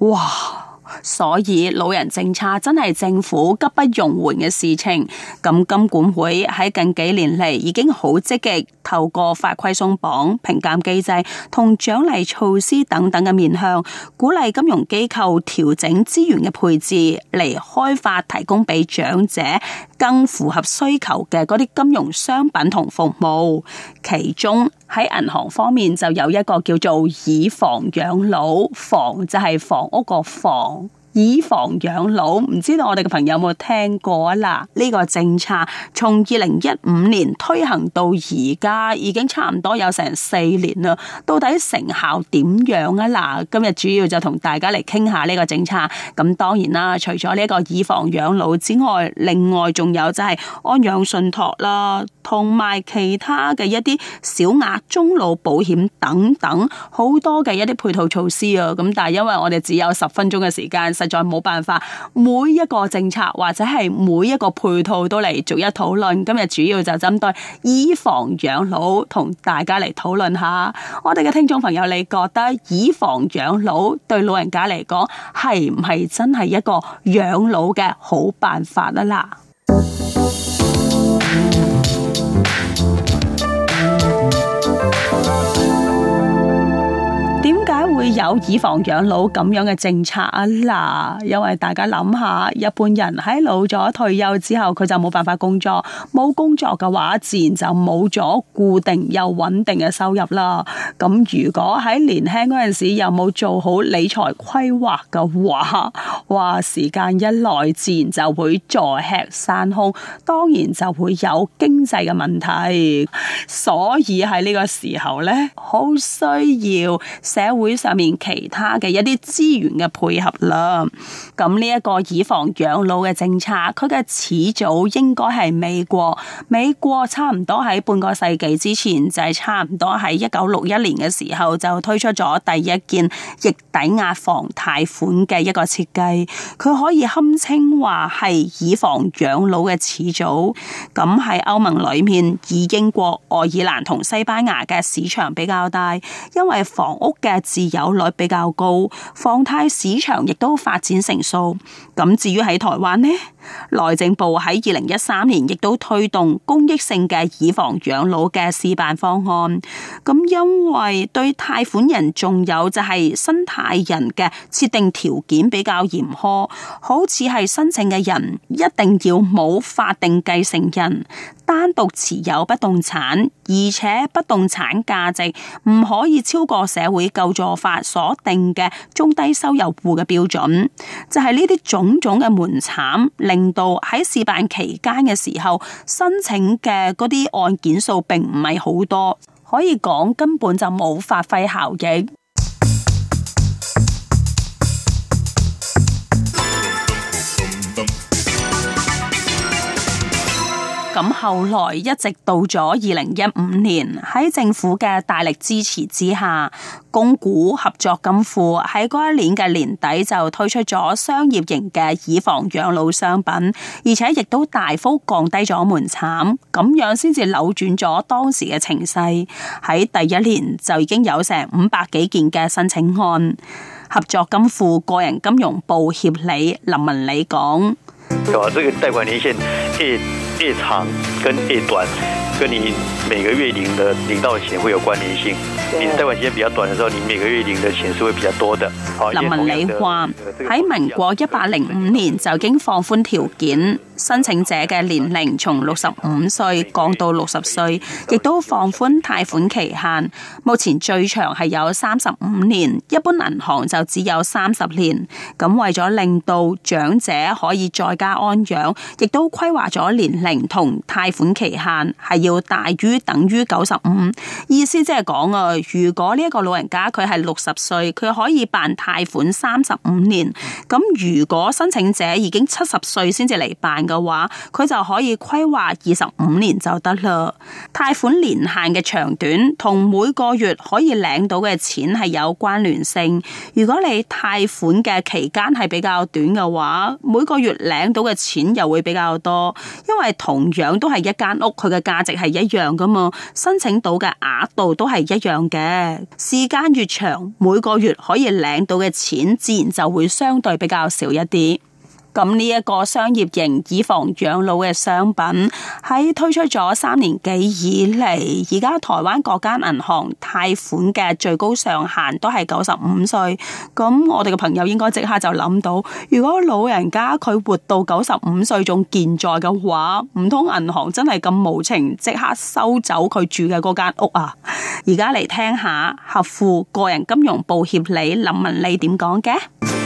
哇。所以老人政策真係政府急不容緩嘅事情。咁金管會喺近幾年嚟已經好積極，透過法規鬆綁、評鑑機制同獎勵措施等等嘅面向，鼓勵金融機構調整資源嘅配置，嚟開發提供俾長者更符合需求嘅嗰啲金融商品同服務。其中喺銀行方面就有一個叫做以房養老，房就係房屋個房。以房養老，唔知道我哋嘅朋友有冇聽過啊？嗱，呢個政策從二零一五年推行到而家，已經差唔多有成四年啦。到底成效點樣啊？嗱，今日主要就同大家嚟傾下呢個政策。咁當然啦，除咗呢一個以房養老之外，另外仲有就係安養信託啦，同埋其他嘅一啲小額中老保險等等，好多嘅一啲配套措施啊。咁但係因為我哋只有十分鐘嘅時間。再冇辦法，每一個政策或者係每一個配套都嚟逐一討論。今日主要就針對以房養老同大家嚟討論下。我哋嘅聽眾朋友，你覺得以房養老對老人家嚟講係唔係真係一個養老嘅好辦法啊？啦？有以房養老咁樣嘅政策啊。嗱，因為大家諗下，日本人喺老咗退休之後，佢就冇辦法工作，冇工作嘅話，自然就冇咗固定又穩定嘅收入啦。咁如果喺年輕陣時又冇做好理財規劃嘅話，哇時間一來自然就會坐吃山空，當然就會有經濟嘅問題。所以喺呢個時候咧，好需要社會上面其他嘅一啲資源嘅配合啦，咁呢一個以房養老嘅政策，佢嘅始祖應該係美國。美國差唔多喺半個世紀之前，就係、是、差唔多喺一九六一年嘅時候就推出咗第一件逆抵押房貸款嘅一個設計，佢可以堪稱話係以房養老嘅始祖。咁喺歐盟裏面，以英國愛爾蘭同西班牙嘅市場比較大，因為房屋嘅自由率比較高，放貸市場亦都發展成熟。咁至於喺台灣呢？內政部喺二零一三年亦都推動公益性嘅以房養老嘅試辦方案，咁因為對貸款人仲有就係申貸人嘅設定條件比較嚴苛，好似係申請嘅人一定要冇法定繼承人，單獨持有不動產，而且不動產價值唔可以超過社會救助法所定嘅中低收入戶嘅標準，就係呢啲種種嘅門檻令。令到喺試辦期間嘅時候，申請嘅嗰啲案件數並唔係好多，可以講根本就冇發揮效應。咁後來一直到咗二零一五年，喺政府嘅大力支持之下，公股合作金庫喺嗰一年嘅年底就推出咗商業型嘅以房養老商品，而且亦都大幅降低咗門檻，咁樣先至扭轉咗當時嘅情勢。喺第一年就已經有成五百幾件嘅申請案。合作金庫個人金融部協理林文禮講：啊這個越長跟越短，跟你每個月領的領到的錢會有關聯性。你貸款時間比較短的時候，你每個月領的錢是會比較多的。林文禮話：喺民國一百零五年就已經放寬條件。嗯申請者嘅年齡從六十五歲降到六十歲，亦都放寬貸款期限。目前最長係有三十五年，一般銀行就只有三十年。咁為咗令到長者可以在家安養，亦都規劃咗年齡同貸款期限係要大於等於九十五。意思即係講啊，如果呢一個老人家佢係六十歲，佢可以辦貸款三十五年。咁如果申請者已經七十歲先至嚟辦嘅話，佢就可以規劃二十五年就得啦。貸款年限嘅長短同每個月可以領到嘅錢係有關聯性。如果你貸款嘅期間係比較短嘅話，每個月領到嘅錢又會比較多。因為同樣都係一間屋，佢嘅價值係一樣㗎嘛，申請到嘅額度都係一樣嘅。時間越長，每個月可以領到嘅錢自然就會相對比較少一啲。咁呢一個商業型以房養老嘅商品喺推出咗三年幾以嚟，而家台灣各間銀行貸款嘅最高上限都係九十五歲。咁我哋嘅朋友應該即刻就諗到，如果老人家佢活到九十五歲仲健在嘅話，唔通銀行真係咁無情，即刻收走佢住嘅嗰間屋啊？而家嚟聽下合富個人金融部協理林文禮點講嘅。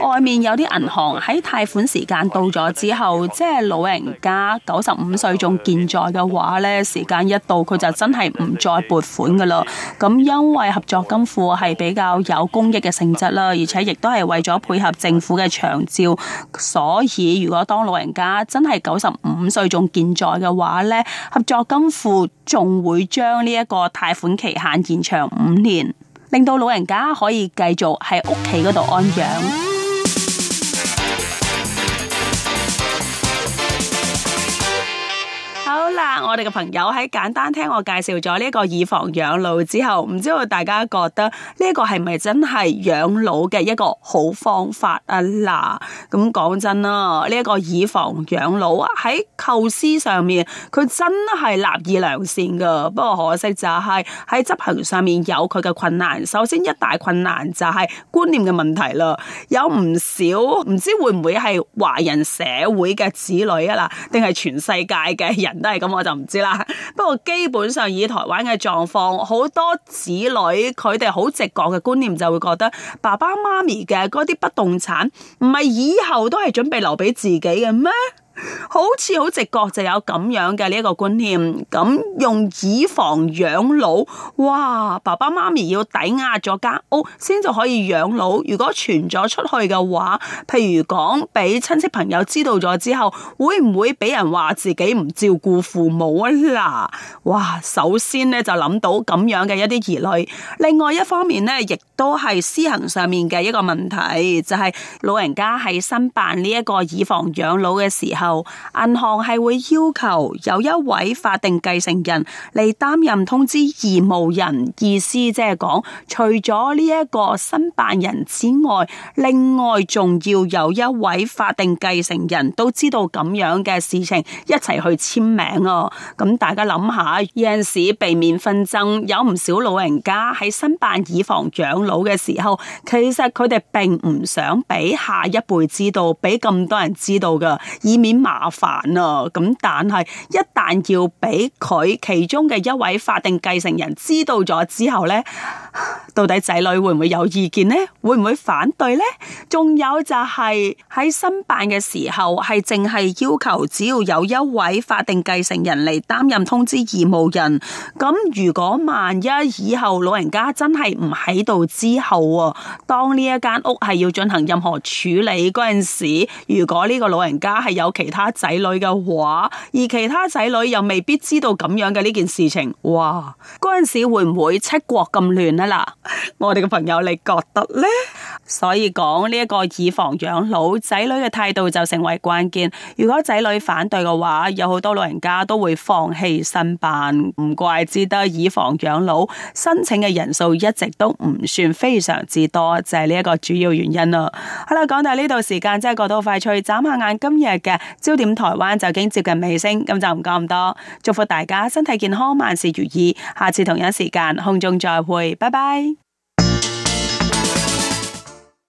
外面有啲銀行喺貸款時間到咗之後，即係老人家九十五歲仲健在嘅話，呢時間一到，佢就真係唔再撥款噶咯。咁因為合作金庫係比較有公益嘅性質啦，而且亦都係為咗配合政府嘅長照，所以如果當老人家真係九十五歲仲健在嘅話，呢合作金庫仲會將呢一個貸款期限延長五年，令到老人家可以繼續喺屋企嗰度安養。我哋嘅朋友喺簡單聽我介紹咗呢個以房養老之後，唔知道大家覺得呢個係咪真係養老嘅一個好方法啊？嗱，咁講真啦，呢一個以房養老啊，喺構思上面佢真係立意良善噶，不過可惜就係喺執行上面有佢嘅困難。首先，一大困難就係觀念嘅問題啦，有唔少唔知會唔會係華人社會嘅子女啊啦，定係全世界嘅人都係咁，我就知啦，不過基本上以台灣嘅狀況，好多子女佢哋好直覺嘅觀念就會覺得爸爸媽咪嘅嗰啲不動產唔係以後都係準備留俾自己嘅咩？好似好直覺就有咁樣嘅呢一個觀念，咁用以房養老，哇！爸爸媽咪要抵押咗間屋先就可以養老，如果傳咗出去嘅話，譬如講俾親戚朋友知道咗之後，會唔會俾人話自己唔照顧父母啊？嗱，哇！首先呢就諗到咁樣嘅一啲疑慮，另外一方面呢，亦都係私行上面嘅一個問題，就係、是、老人家喺申辦呢一個以房養老嘅時候。銀行係會要求有一位法定繼承人嚟擔任通知義務人，意思即係講，除咗呢一個申辦人之外，另外仲要有一位法定繼承人都知道咁樣嘅事情，一齊去簽名哦。咁大家諗下，有陣時避免紛爭，有唔少老人家喺申辦以房養老嘅時候，其實佢哋並唔想俾下一輩知道，俾咁多人知道噶，以免。麻煩啊！咁但係一旦要俾佢其中嘅一位法定繼承人知道咗之後咧，到底仔女會唔會有意見咧？會唔會反對咧？仲有就係喺申辦嘅時候係淨係要求，只要有一位法定繼承人嚟擔任通知義務人。咁如果萬一以後老人家真係唔喺度之後，當呢一間屋係要進行任何處理陣時，如果呢個老人家係有其其他仔女嘅話，而其他仔女又未必知道咁樣嘅呢件事情。哇，嗰陣時會唔會七國咁亂啊？嗱，我哋嘅朋友，你覺得咧？所以講呢一個以房養老仔女嘅態度就成為關鍵。如果仔女反對嘅話，有好多老人家都會放棄申辦。唔怪之得以房養老申請嘅人數一直都唔算非常之多，就係呢一個主要原因啦。好啦，講到呢度時間真係過到好快脆，眨下眼今日嘅，焦點台灣就已經接近尾聲，咁就唔講咁多。祝福大家身體健康，萬事如意。下次同一時間，空中再會，拜拜。